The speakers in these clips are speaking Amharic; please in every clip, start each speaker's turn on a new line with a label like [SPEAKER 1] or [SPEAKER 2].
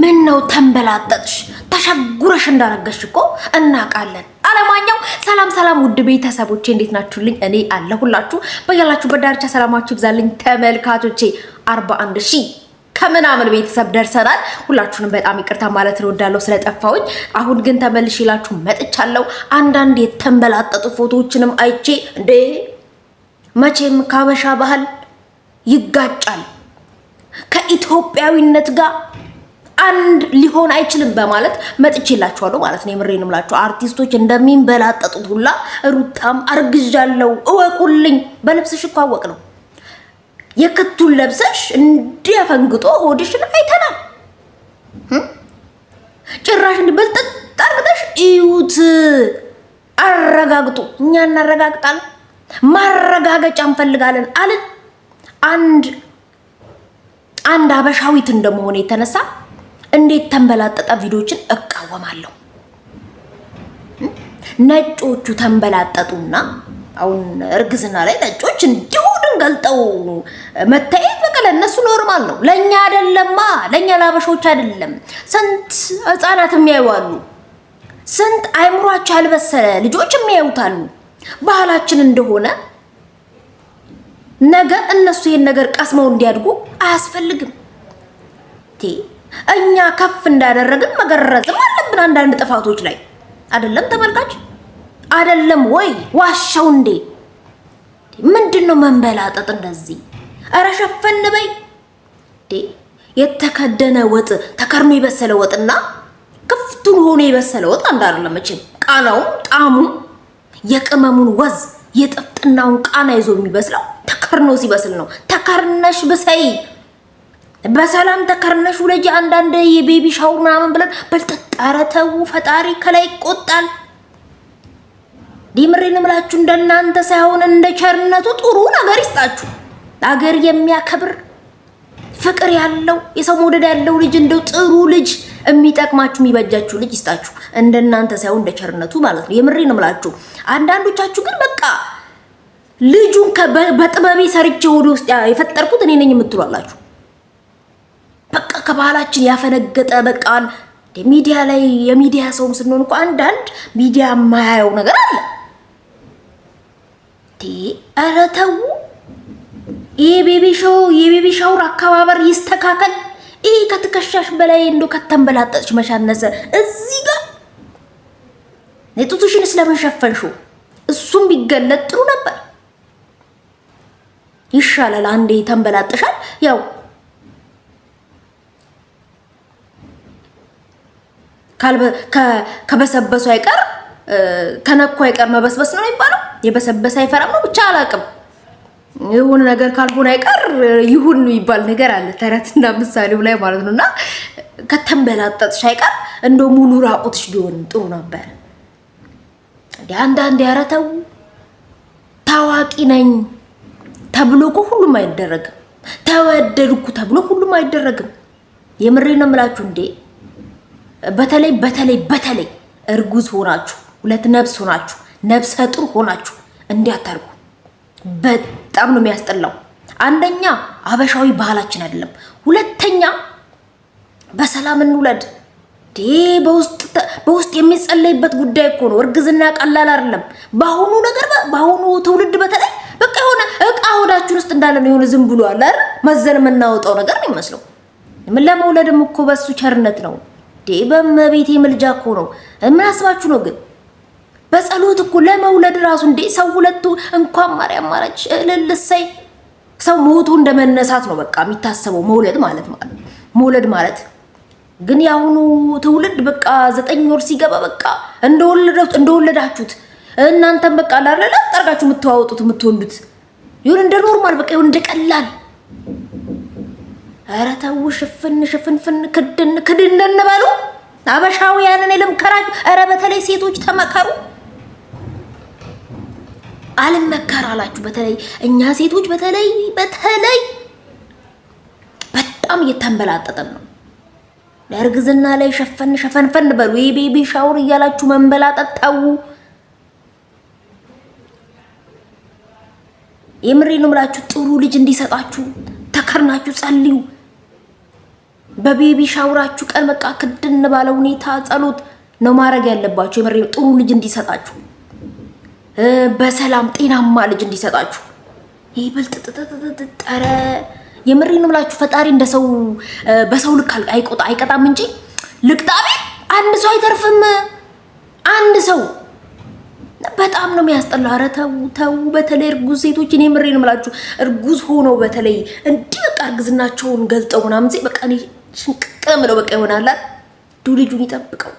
[SPEAKER 1] ምን ነው ተንበላጠጥሽ? ተሸጉረሽ እንዳረገሽ እኮ እናውቃለን። አለማኛው ሰላም ሰላም፣ ውድ ቤተሰቦቼ እንዴት ናችሁልኝ? እኔ አለሁላችሁ። በያላችሁበት ዳርቻ ሰላማችሁ ይብዛልኝ ተመልካቾቼ። አርባ አንድ ሺህ ከምናምን ቤተሰብ ደርሰናል። ሁላችሁንም በጣም ይቅርታ ማለት እወዳለሁ ስለጠፋሁኝ። አሁን ግን ተመልሼ እላችሁ መጥቻለሁ። አንዳንድ የተንበላጠጡ ፎቶዎችንም አይቼ እንዴ መቼም ካበሻ ባህል ይጋጫል ከኢትዮጵያዊነት ጋር አንድ ሊሆን አይችልም በማለት መጥቼላችኋለሁ ማለት ነው። የምሬን እምላችሁ አርቲስቶች እንደሚንበላጠጡት ሁላ ሩታም አርግዣለሁ እወቁልኝ። በልብስሽ እኮ አወቅ ነው የክቱን ለብሰሽ እንዲያፈንግጦ ሆድሽን አይተናል። ጭራሽ እንዲበልጥጥ አርግተሽ እዩት። አረጋግጡ። እኛ እናረጋግጣለን። ማረጋገጫ እንፈልጋለን አልን አንድ አንድ አበሻዊት እንደመሆነ የተነሳ እንዴት ተንበላጠጠ ቪዲዮችን እቃወማለሁ። ነጮቹ ተንበላጠጡና አሁን እርግዝና ላይ ነጮች እንዲሁ ድንገልጠው መታየት በቃ ለእነሱ ኖርማል ነው። ለእኛ አይደለማ፣ ለእኛ ለአበሾች አይደለም። ስንት ህፃናት የሚያዩዋሉ፣ ስንት አይምሯቸው ያልበሰለ ልጆች የሚያዩታሉ። ባህላችን እንደሆነ ነገ እነሱ ይህን ነገር ቀስመው እንዲያድጉ አያስፈልግም። እኛ ከፍ እንዳደረግን መገረዝም አለብን አንዳንድ ጥፋቶች ላይ አይደለም ተመልካች አይደለም ወይ ዋሻው እንዴ ምንድነው መንበላጠጥ እንደዚህ ኧረ ሸፈን በይ የተከደነ ወጥ ተከርኖ የበሰለ ወጥና ክፍቱን ሆኖ የበሰለ ወጥ አንድ አይደለም መቼም ቃናውም ጣዕሙም የቅመሙን ወዝ የጥፍጥናውን ቃና ይዞ የሚበስለው ተከርኖ ሲበስል ነው ተከርነሽ ብሰይ በሰላም ተከርነሽ ውለጂ። አንዳንድ የቤቢ ሻውር ምናምን ብለን በልጠጥ። ኧረ ተው ፈጣሪ ከላይ ይቆጣል። ዲምሬ ንምላችሁ እንደናንተ ሳይሆን እንደ ቸርነቱ ጥሩ ነገር ይስጣችሁ። አገር የሚያከብር ፍቅር ያለው የሰው መውደድ ያለው ልጅ እንደው ጥሩ ልጅ የሚጠቅማችሁ የሚበጃችሁ ልጅ ይስጣችሁ። እንደናንተ ሳይሆን እንደ ቸርነቱ ማለት ነው። የምሬ ንምላችሁ። አንዳንዶቻችሁ ግን በቃ ልጁን በጥበቤ ሰርቼ ወደ ውስጥ የፈጠርኩት እኔ ነኝ የምትሏላችሁ ከባህላችን ያፈነገጠ በቃን ሚዲያ ላይ የሚዲያ ሰውም ስንሆን እኮ አንዳንድ ሚዲያ የማያየው ነገር አለ። ኧረ ተው፣ የቤቢ ሾው የቤቢ ሻውር አከባበር ይስተካከል። ይህ ከትከሻሽ በላይ እንዶ ከተንበላጠች መሻነሰ እዚህ ጋር ስለምን ሸፈንሹ? እሱም ቢገለጥ ጥሩ ነበር፣ ይሻላል። አንዴ ተንበላጥሻል ያው ከበሰበሱ አይቀር ከነኩ አይቀር መበስበስ ነው የሚባለው። የበሰበሰ አይፈራም ነው ብቻ አላውቅም። ይሁን ነገር ካልሆነ አይቀር ይሁን የሚባል ነገር አለ ተረትና ምሳሌው ላይ ማለት ነው። እና ከተንበላጠጥሽ አይቀር እንደ ሙሉ ራቁትሽ ቢሆን ጥሩ ነበር። አንዳንድ ያረተው ታዋቂ ነኝ ተብሎ እኮ ሁሉም አይደረግም። ተወደድኩ ተብሎ ሁሉም አይደረግም። የምሬ ነው የምላችሁ እንዴ በተለይ በተለይ በተለይ እርጉዝ ሆናችሁ ሁለት ነብስ ሆናችሁ ነብሰ ጡር ሆናችሁ እንዲያታርጉ በጣም ነው የሚያስጠላው። አንደኛ አበሻዊ ባህላችን አይደለም። ሁለተኛ በሰላም እንውለድ። በውስጥ የሚጸለይበት ጉዳይ እኮ ነው። እርግዝና ቀላል አይደለም። በአሁኑ ነገር በአሁኑ ትውልድ በተለይ በቃ የሆነ እቃ ሆዳችን ውስጥ እንዳለ ነው። የሆነ ዝም ብሎ አለ መዘን የምናወጣው ነገር ነው ይመስለው። ለመውለድም እኮ በሱ ቸርነት ነው። በመቤቴ ምልጃ እኮ ነው። ምን አስባችሁ ነው ግን? በጸሎት እኮ ለመውለድ ራሱ እንዴ ሰው ሁለቱ እንኳን ማርያም ማረች እልልሰይ ሰው ሞቱ እንደመነሳት ነው በቃ የሚታሰበው መውለድ ማለት ማለት መውለድ ማለት ግን የአሁኑ ትውልድ በቃ ዘጠኝ ወር ሲገባ በቃ እንደወለዳችሁት እናንተም በቃ ላለ ጠርጋችሁ የምትዋወጡት የምትወልዱት ይሁን እንደ ኖርማል በቃ ይሁን እንደ ቀላል ኧረ ተው ሽፍን ሽፍንፍን ክድን ክድን እንበሉ። አበሻውያንን ልምከራችሁ። ኧረ በተለይ ሴቶች ተመከሩ። አልመከር አላችሁ። በተለይ እኛ ሴቶች በተለይ በተለይ በጣም እየተንበላጠጠን ነው። ለእርግዝና ላይ ሸፈን ሸፈንፈን በሉ። ቤቢ ሻውር እያላችሁ መንበላጠጥ የምሬ ነው የምላችሁ። ጥሩ ልጅ እንዲሰጣችሁ ተከርናችሁ ጸልዩ። በቤቢ ሻውራችሁ ቀን በቃ ክድን ባለ ሁኔታ ጸሎት ነው ማድረግ ያለባችሁ። የምሬ ጥሩ ልጅ እንዲሰጣችሁ፣ በሰላም ጤናማ ልጅ እንዲሰጣችሁ ይበልጥ ጠረ የምሬ ነው ብላችሁ ፈጣሪ እንደ ሰው በሰው ልክ አይቆጣ አይቀጣም እንጂ ልቅጣቤ አንድ ሰው አይተርፍም። አንድ ሰው በጣም ነው የሚያስጠላ። ኧረ ተው ተው። በተለይ እርጉዝ ሴቶች እኔ ምሬ ነው የምላችሁ እርጉዝ ሆኖ በተለይ እንዲህ በቃ እርግዝናቸውን ገልጠው ምናምን በቃ ሽንቅቅም ነው በቃ ይሆናል። ዱ ልጁን ይጠብቀው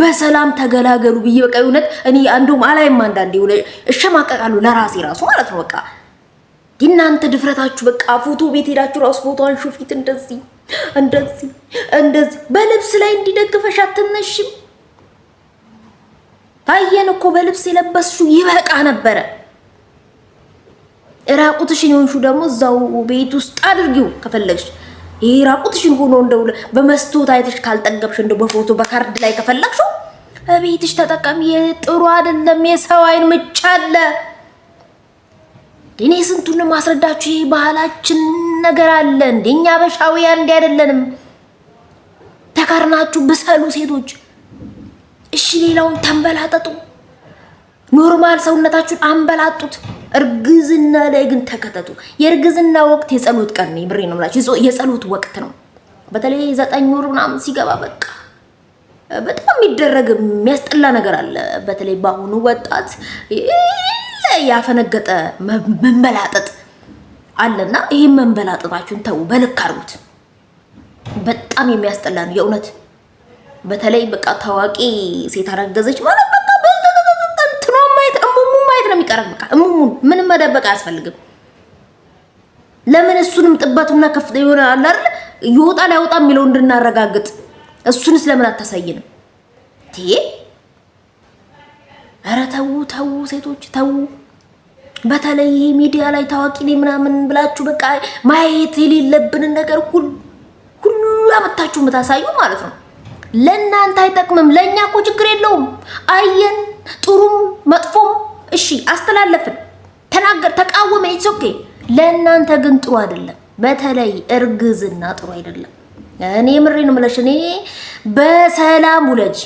[SPEAKER 1] በሰላም ተገላገሉ ብዬ በቃ እውነት እኔ አንዱም አላይም አንዳንዴ ሆነ እሸማቀቃለሁ ለራሴ ራሱ ማለት ነው። በቃ እናንተ ድፍረታችሁ በቃ ፎቶ ቤት ሄዳችሁ ራሱ ፎቶ አንሹ ፊት እንደዚህ እንደዚህ እንደዚህ በልብስ ላይ እንዲደግፈሽ አትነሽም። ታየን እኮ በልብስ የለበስሽው ይበቃ ነበረ። እራቁትሽን የሆንሽው ደግሞ እዛው ቤት ውስጥ አድርጊው ከፈለግሽ። ይሄ ራቁትሽን ሆኖ እንደው በመስታወት አይተሽ ካልጠገብሽ እንደው በፎቶ በካርድ ላይ ከፈለግሽው እቤትሽ ተጠቀሚ። ጥሩ አይደለም። የሰው አይን ምቻ አለ። እኔ ስንቱን ማስረዳችሁ። ይሄ ባህላችን ነገር አለ። እንደኛ በሻውያን እንዲህ አይደለንም። ተከርናችሁ ብሰሉ ሴቶች። እሺ ሌላውን ተንበላጠጡ። ኖርማል ሰውነታችሁን አንበላጡት። እርግዝና ላይ ግን ተከተቱ። የእርግዝና ወቅት የጸሎት ቀን ነው። ብሬ ነው የምላችሁ፣ የጸሎት ወቅት ነው። በተለይ ዘጠኝ ወር ምናምን ሲገባ በቃ በጣም የሚደረግ የሚያስጠላ ነገር አለ። በተለይ በአሁኑ ወጣት ያፈነገጠ መንበላጠጥ አለና ይሄን መንበላጠጣችሁን ተው፣ በልክ አድርጉት። በጣም የሚያስጠላ ነው የእውነት። በተለይ በቃ ታዋቂ ሴት አረገዘች ማለት ይደረግ። በቃ እሙሙን ምንም መደበቅ አያስፈልግም። ለምን እሱንም ጥበቱና ከፍተ የሆነ አለ አይደል ይወጣ ላይወጣ የሚለው እንድናረጋግጥ እሱንስ ለምን አታሳየንም? ቴ ኧረ ተው ተው፣ ሴቶች ተው። በተለይ ሚዲያ ላይ ታዋቂ ነኝ ምናምን ብላችሁ በቃ ማየት የሌለብንን ነገር ሁሉ ሁሉ አመታችሁ የምታሳዩ ማለት ነው። ለእናንተ አይጠቅምም። ለእኛ እኮ ችግር የለውም። አየን ጥሩም መጥፎም እሺ አስተላለፍን፣ ተናገር፣ ተቃወመ፣ ኢትስ ኦኬ። ለእናንተ ግን ጥሩ አይደለም። በተለይ እርግዝና ጥሩ አይደለም። እኔ ምሬን ምለሽ እኔ በሰላም ውለጅ፣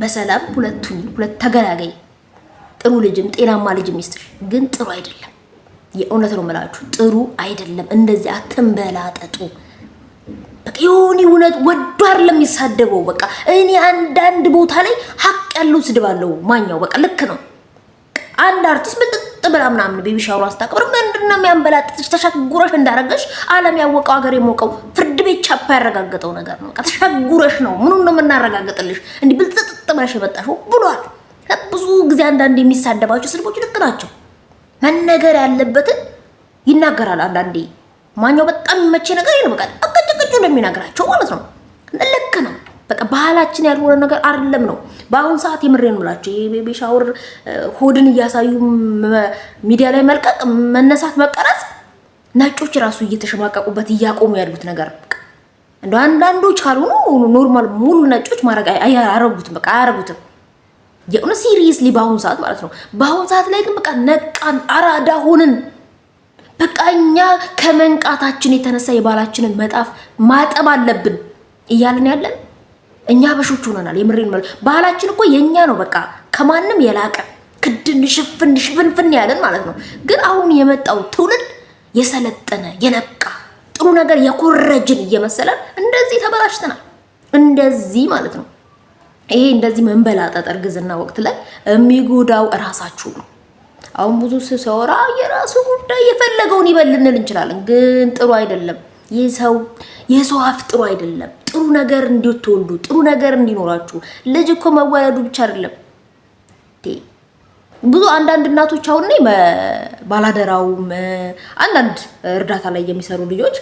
[SPEAKER 1] በሰላም ሁለቱ ሁለት ተገላገይ። ጥሩ ልጅም ጤናማ ልጅም ይስጥሽ። ግን ጥሩ አይደለም። የእውነት ነው የምላችሁ፣ ጥሩ አይደለም። እንደዚህ አትንበላጠጡ። በቃ የሆነ እውነት ወዶ አይደለም የሚሳደበው። በቃ እኔ አንዳንድ ቦታ ላይ ሀቅ ያለው ስድብ አለው ማኛው። በቃ ልክ ነው። አንድ አርቲስት ብጥጥ ብላ ምናምን ቤቢ ሻወር አስታቀብር ምንድነው የሚያንበላጥጥሽ ተሻጉረሽ እንዳረገሽ ዓለም ያወቀው ሀገር የሞቀው ፍርድ ቤት ቻፓ ያረጋገጠው ነገር ነው። ተሻጉረሽ ነው ምኑን ነው የምናረጋግጥልሽ? እንዲህ ብልጥጥ ብለሽ የመጣሽው ብሏል። ብዙ ጊዜ አንዳንድ የሚሳደባቸው ስድቦች ልክ ናቸው። መነገር ያለበትን ይናገራል። አንዳንዴ ማኛው በጣም የሚመቼ ነገር ይሄ ነው። በቃ ማለት ነው። ልክ ነው። በቃ ባህላችን ያልሆነ ነገር አይደለም ነው። በአሁን ሰዓት የምሬን ምላቸው የቤቢ ሻወር ሆድን እያሳዩ ሚዲያ ላይ መልቀቅ፣ መነሳት፣ መቀረጽ ነጮች ራሱ እየተሸማቀቁበት እያቆሙ ያሉት ነገር እንደ አንዳንዶች ካልሆኑ ኖርማል ሙሉ ነጮች ማድረግ አያረጉትም፣ በቃ አያረጉትም። የእውነት ሲሪየስሊ በአሁኑ ሰዓት ማለት ነው። በአሁኑ ሰዓት ላይ ግን በቃ ነቃን፣ አራዳ ሆንን። በቃ እኛ ከመንቃታችን የተነሳ የባላችንን መጣፍ ማጠብ አለብን እያልን ያለን እኛ አበሾች ሆነናል። የምሬን ማለት ባህላችን እኮ የእኛ ነው፣ በቃ ከማንም የላቀ ክድን ሽፍን ሽፍንፍን ያለን ማለት ነው። ግን አሁን የመጣው ትውልድ የሰለጠነ የነቃ ጥሩ ነገር የኮረጅን እየመሰለን እንደዚህ ተበላሽተናል። እንደዚህ ማለት ነው። ይሄ እንደዚህ መንበላጠጥ እርግዝና ወቅት ላይ የሚጎዳው እራሳችሁ ነው። አሁን ብዙ ስሰወራ የራሱ ጉዳይ የፈለገውን ይበል እንችላለን፣ ግን ጥሩ አይደለም። ይህ ሰው የሰው አፍ ጥሩ አይደለም። ጥሩ ነገር እንድትወልዱ ጥሩ ነገር እንዲኖራችሁ። ልጅ እኮ መወለዱ ብቻ አይደለም። ብዙ አንዳንድ እናቶች አሁን ላይ ባላደራውም አንዳንድ እርዳታ ላይ የሚሰሩ ልጆች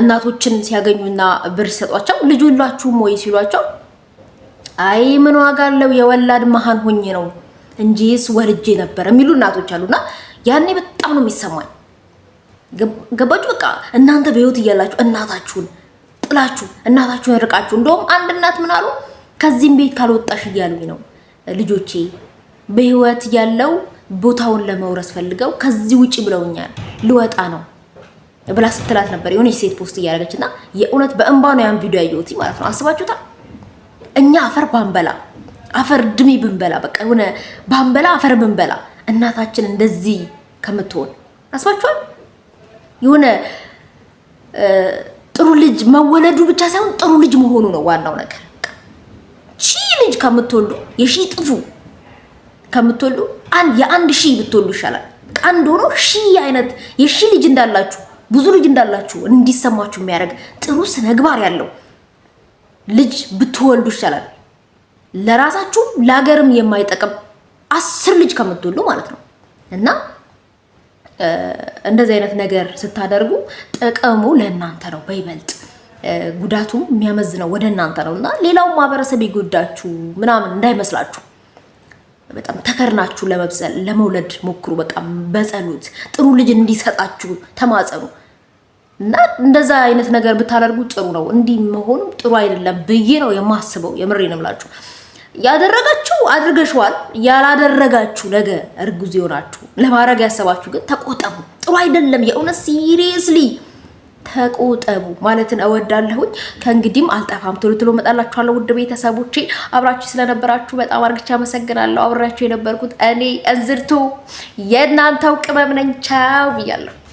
[SPEAKER 1] እናቶችን ሲያገኙና ብር ሲሰጧቸው ልጅ ላችሁም ወይ ሲሏቸው አይ ምን ዋጋ አለው የወላድ መሀን ሆኜ ነው እንጂስ ወልጄ ነበር የሚሉ እናቶች አሉና ያኔ በጣም ነው የሚሰማኝ። ገባችሁ? በቃ እናንተ በህይወት እያላችሁ እናታችሁን ጥላችሁ እናታችሁን ርቃችሁ። እንደውም አንድ እናት ምን አሉ፣ ከዚህም ቤት ካልወጣሽ እያሉኝ ነው ልጆቼ በህይወት ያለው ቦታውን ለመውረስ ፈልገው ከዚህ ውጪ ብለውኛል፣ ልወጣ ነው ብላ ስትላት ነበር የሆነች ሴት ፖስት እያደረገች እና የእውነት በእንባ ነው ያን ቪዲዮ ያየሁት ማለት ነው። አስባችሁታል? እኛ አፈር ባንበላ አፈር ድሜ ብንበላ በቃ የሆነ ባንበላ አፈር ብንበላ እናታችን እንደዚህ ከምትሆን አስባችኋል የሆነ ጥሩ ልጅ መወለዱ ብቻ ሳይሆን ጥሩ ልጅ መሆኑ ነው ዋናው ነገር። ሺ ልጅ ከምትወልዱ የሺ ጥፉ ከምትወልዱ የአንድ ሺ ብትወልዱ ይሻላል። አንድ ሆኖ ሺ አይነት የሺ ልጅ እንዳላችሁ ብዙ ልጅ እንዳላችሁ እንዲሰማችሁ የሚያደርግ ጥሩ ስነግባር ያለው ልጅ ብትወልዱ ይሻላል። ለራሳችሁ ለሀገርም የማይጠቅም አስር ልጅ ከምትወልዱ ማለት ነው እና እንደዚህ አይነት ነገር ስታደርጉ ጥቅሙ ለእናንተ ነው በይበልጥ ጉዳቱ የሚያመዝነው ወደ እናንተ ነው እና ሌላው ማህበረሰብ ይጎዳችሁ ምናምን እንዳይመስላችሁ። በጣም ተከርናችሁ ለመብሰል ለመውለድ ሞክሩ። በቃ በጸሎት ጥሩ ልጅ እንዲሰጣችሁ ተማጸኑ እና እንደዛ አይነት ነገር ብታደርጉ ጥሩ ነው። እንዲህ መሆኑ ጥሩ አይደለም ብዬ ነው የማስበው። የምሬን እምላችሁ ያደረጋችሁ አድርገሽዋል። ያላደረጋችሁ ነገ እርጉዝ የሆናችሁ ለማድረግ ያሰባችሁ ግን ተቆጠቡ። ጥሩ አይደለም። የእውነት ሲሪየስሊ ተቆጠቡ ማለትን እወዳለሁኝ። ከእንግዲህም አልጠፋም፣ ቶሎ ቶሎ እመጣላችኋለሁ። ውድ ቤተሰቦቼ አብራችሁ ስለነበራችሁ በጣም አርግቻ አመሰግናለሁ። አብራችሁ የነበርኩት እኔ እንዝርቱ የእናንተው ቅመም ነኝ። ቻው ብያለሁ።